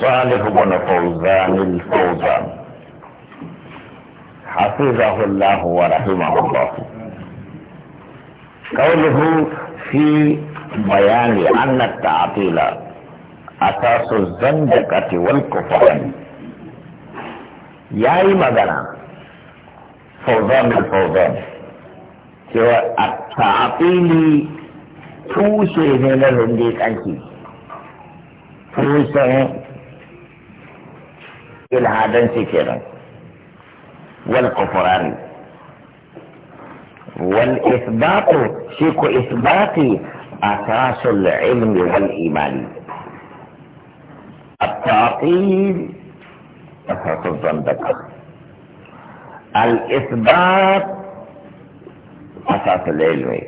صالح بن فوزان الفوزان حفظه الله ورحمه الله قوله في بيان أن التعطيل أساس الزندقة والكفران ياي مغنى فوزان الفوزان سوى التعطيل توشي من الهندي كنتي توشي ilhadanci kenan wal kufurani wal isbatu shi أساس العلم والإيمان التعطيل أساس الزندقة الإثبات أساس العلم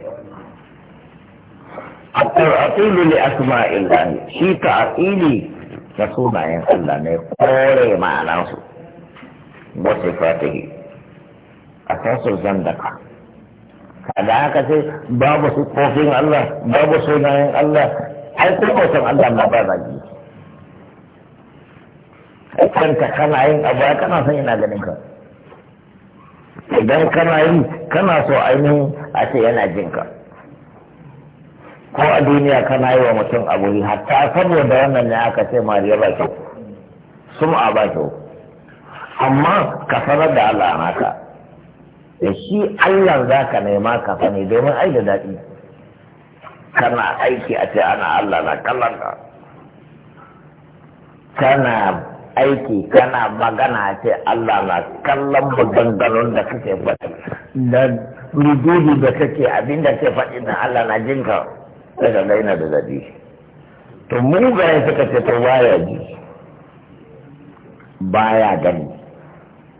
التعطيل لأسماء الله شيك تعطيلي na sunayen Allah ne kore ma'anansu ba su fatihi a tasu zandaka kada haka sai babu su kofin Allah babu sunayen Allah ai kuma san Allah ma ba zagi ka kana yin abu kana san ina ganin ka idan kana yi kana so ainihin a ce yana jinka ko a duniya kana yi wa mutum abu hatta saboda wannan ne aka ce mariya ba kyau a ba kyau amma ka sanar da Allah naka da shi Allah za ka nema ka sani domin ai da daɗi kana aiki a ce ana Allah na kallon ka kana aiki kana magana a ce Allah na kallon maganganun da kake faɗi da rududi da kake abin da ke faɗi na Allah na jinka na gaina da daɗi to ya suka ce to baya ji baya gani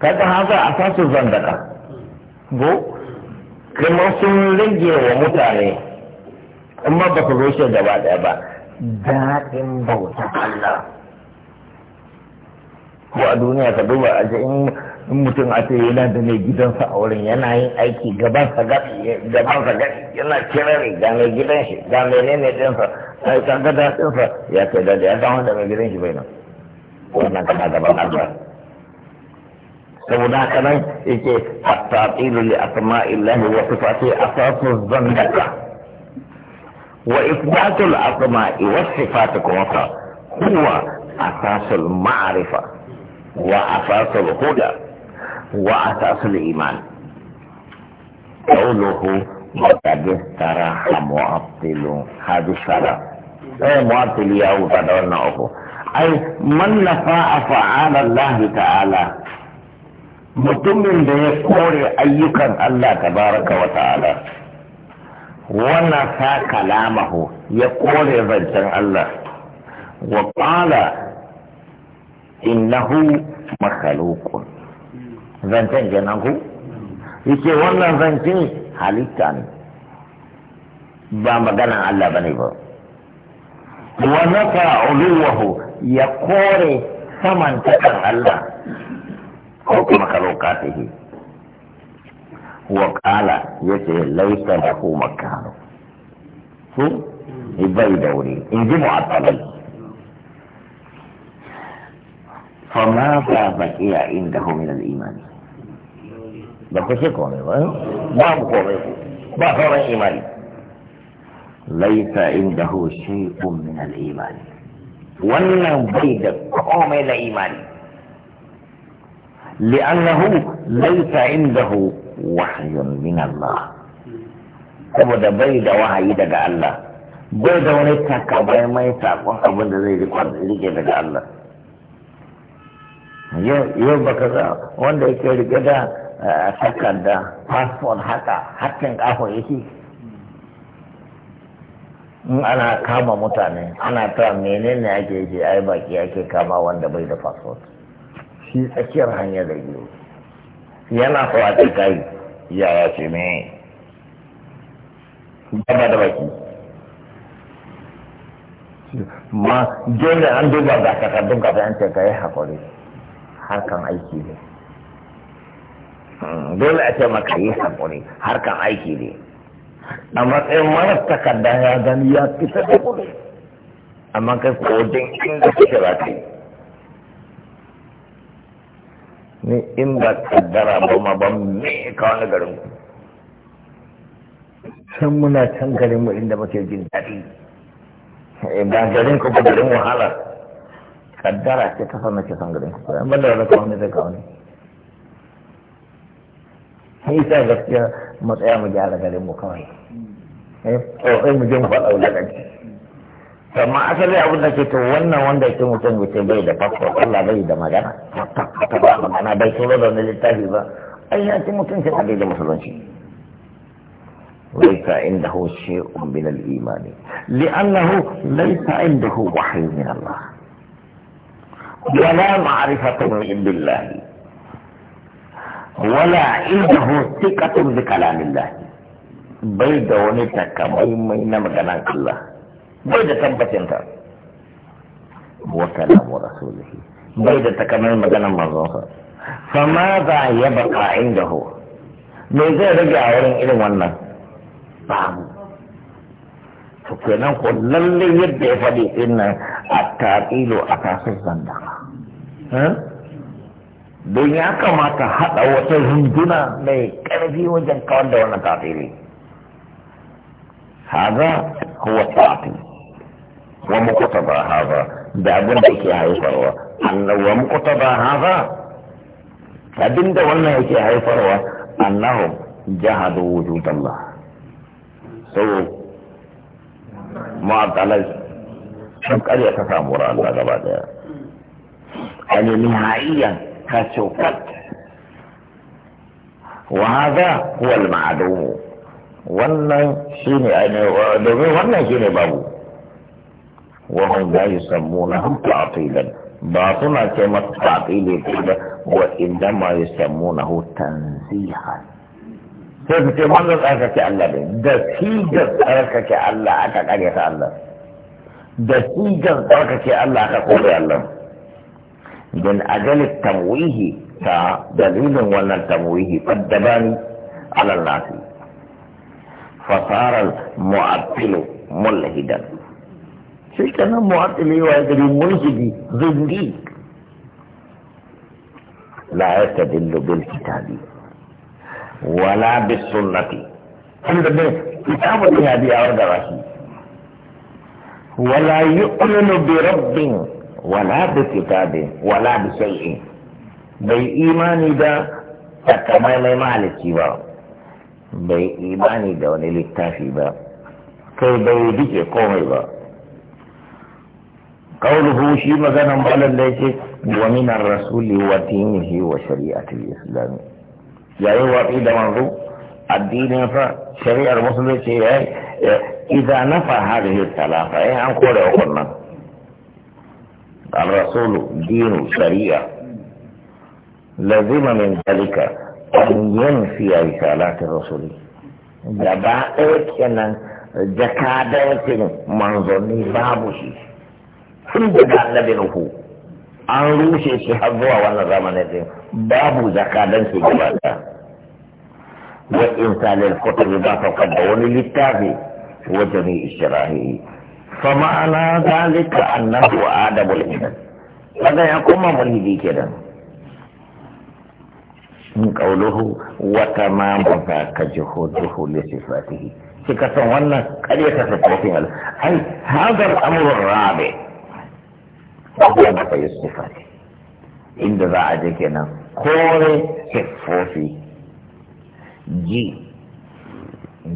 kaga haka a zan zandaka go kuma sun rage wa mutane amma ba ku zo gaba ɗaya ba daɗin bauta Allah ko a duniya ka duba a in in mutum a tsaye yana da mai gidansa a wurin yana yin aiki gabansa gaban sa gabi yana kira ne ga mai gidan shi ga mai ne ne ɗinsa yi kan ga ɗinsa ya kai da ya kama da mai gidan shi bai nan wannan kama gaban Allah saboda haka nan yake hatta ilu li illahi wa sifati asasu zannaka wa ithbatul asma wa sifati kuma fa huwa asasul ma'rifa wa asasul huda هو أساس الإيمان قوله وقد ترى معطل هذه الشرع أي معطل ياهو تدورنا أخو أي من نفع أفعال الله تعالى متم من ده أيك الله تبارك وتعالى ونفى كلامه يقول رجل الله وقال إنه مخلوق zancen kenan ku yake wannan zance halitta ne ba magana Allah bane ba wa naka uluwahu ya kore saman takan Allah ko kuma karoka yi wa kala yace laita ku makano su ibai da wuri in ji mu'attalai فماذا بقي عنده من الإيمان بقي الايمان ليس عنده شيء من الإيمان ولا بيد قوم الإيمان لأنه ليس عنده وحي من الله أبدا بيد وحي دك الله بيد ونتك بيد ونتك وحي دك الله yau baka za wanda yake riga da eh, da passport haka hakkin kafa yake in ana kama mutane ana ta menene ake ce ai baki ake kama wanda bai da passport shi tsakiyar hanyar da yi. yana so a kai yaya ce ne gaba da baki ma jirgin an duba da takardun kafin an ce ka yi hakuri harkan aiki ne hmm, dole a ce maka yi haƙuri harkan aiki ne a matsayin mara takarda ya gani ya fita da kudu amma kai ko wajen inda kake za ka ni in ba kaddara ba ma ba me ka wani garin ku can muna can garin mu inda muke jin daɗi eh, ba garin ku ba garin wahala kaddara ce ta sanar ke san garin kuskure amma da zaka wani zai kawo ne sai sa gaskiya mu tsaya mu gyara garin mu kawai eh sai mu je mu faɗa wulaƙanci amma asali abin da ke to wannan wanda ke mutum wuce bai da fasfo Allah bai da magana ta ba magana bai tsoro da wani littafi ba ai ya ce mutum ke da musulunci ليس عنده شيء من الإيمان لأنه ليس عنده وحي من الله ولا معرفة من بالله ولا عنده ثقة بكلام الله بيد ونتك مهم إنما مجنان الله بيد تنبت انت وكلام رسوله بيد تكمل مجنان مرضوها فماذا يبقى عنده ماذا رجع ورن إلى ونن فهمت فكنا نقول للي يبقى yadda إن faɗi أتاس nan don ya kamata haɗa wata runduna mai ƙarfi wajen kawar da wannan kafiri haza huwa tafi wa ba haza da abin da yake haifarwa annahu wa ba haza abin da wannan yake haifarwa annahu jahadu wujudallah so mu'attalai sun karya ta samu ra'ala gaba daya اللي يعني نهائيا فسقت وهذا هو المعلوم وانا شيني يعني دومي وانا شيني بابو وهم لا يسمونه تعطيلا باطنا كما تعطيل كده وإنما يسمونه تنزيها فهمت من الأركة كألا دسيجة أركة كألا أكاك أن يتألم دسيجة أركة كألا أكاك أن يتألم من أجل التمويه كدليل ولا التمويه فالدبان على الناس فصار المعطل ملحدا شيء كان معطل ويدري ملحدي زنديق لا يستدل بالكتاب ولا بالسنة كتاب الهادي أو ولا يؤمن برب wala da kitabin wala da shay'in bai imani da takamai mai maliki ba bai imani da wani littafi ba kai bai bike komai ba kawo shi maganan balon da yake wa minar rasuli wa tinihi wa shari'ati islami yayi waɗi da manzo addinin fa shari'ar musulunci ya yi idanafa hadhihi talafa ya an kore wa الرسول دين شريعة لزم من ذلك أن ينفي رسالات الرسول جبائك أن جكادك منظرني بابشي sun daga na an rushe shi har zuwa wannan zamanin din babu zakadan su gaba ɗaya wa insalil kutubi ba saukar da wani littafi wajen ishirahi fa ma'ana zalika annahu adabul iman kaga ya koma mulhidi kenan min qawluhu wa tamamu fa kajhuduhu li sifatihi kika san wannan ƙaryata sifatin Allah ai hadha al-amru rabi wa ma fa sifati inda za a je kenan kore sifofi ji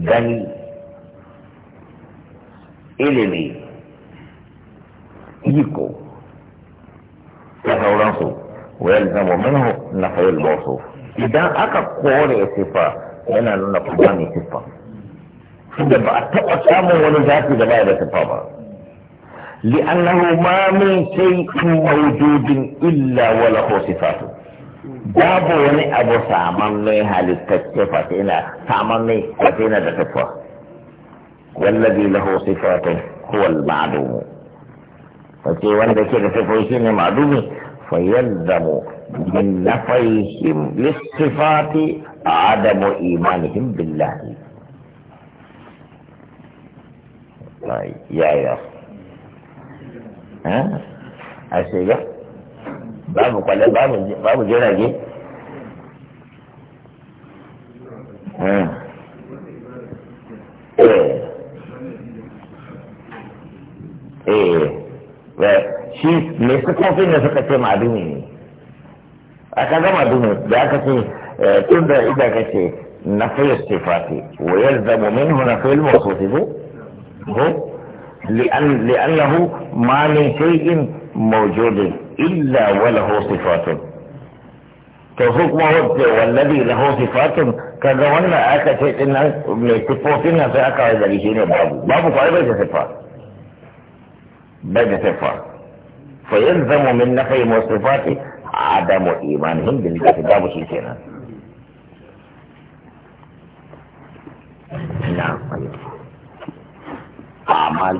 gani ilimi iko da sauransu wayan zama minhu na fayil mawsu idan aka kore sifa yana nuna kuma ne sifa da ba a taɓa samun wani zafi da baya da sifa ba li'annahu ma min shay'in mawjudin illa wa lahu sifatu babu wani abu samanne mai halittacce fa sai na saman mai fa sai na da sifa والذي له صفاته هو المعدوم فكي وانا كده صفوشين المعدوم فيلزم من نفيهم للصفات عدم ايمانهم بالله طيب، يا يا ها أشياء باب قال باب باب جراجي sufofin da suka ce madumi ne aka ga madumi da aka ce eh, tun da ida ka ce na fiye sifati wa yalzamu minhu na fiye mawsufi ko لأن لأنه ما من شيء موجود إلا وله صفات توفيق ما هو والذي له صفات كذا وانا اكا شيء ان صفاتنا في اكا اذا بابو بابو قال بيت صفات بيت صفات فيلزم من نفي موصوفاته عدم إيمانهم بالله باب شيء كنا نعم طيب. أعمال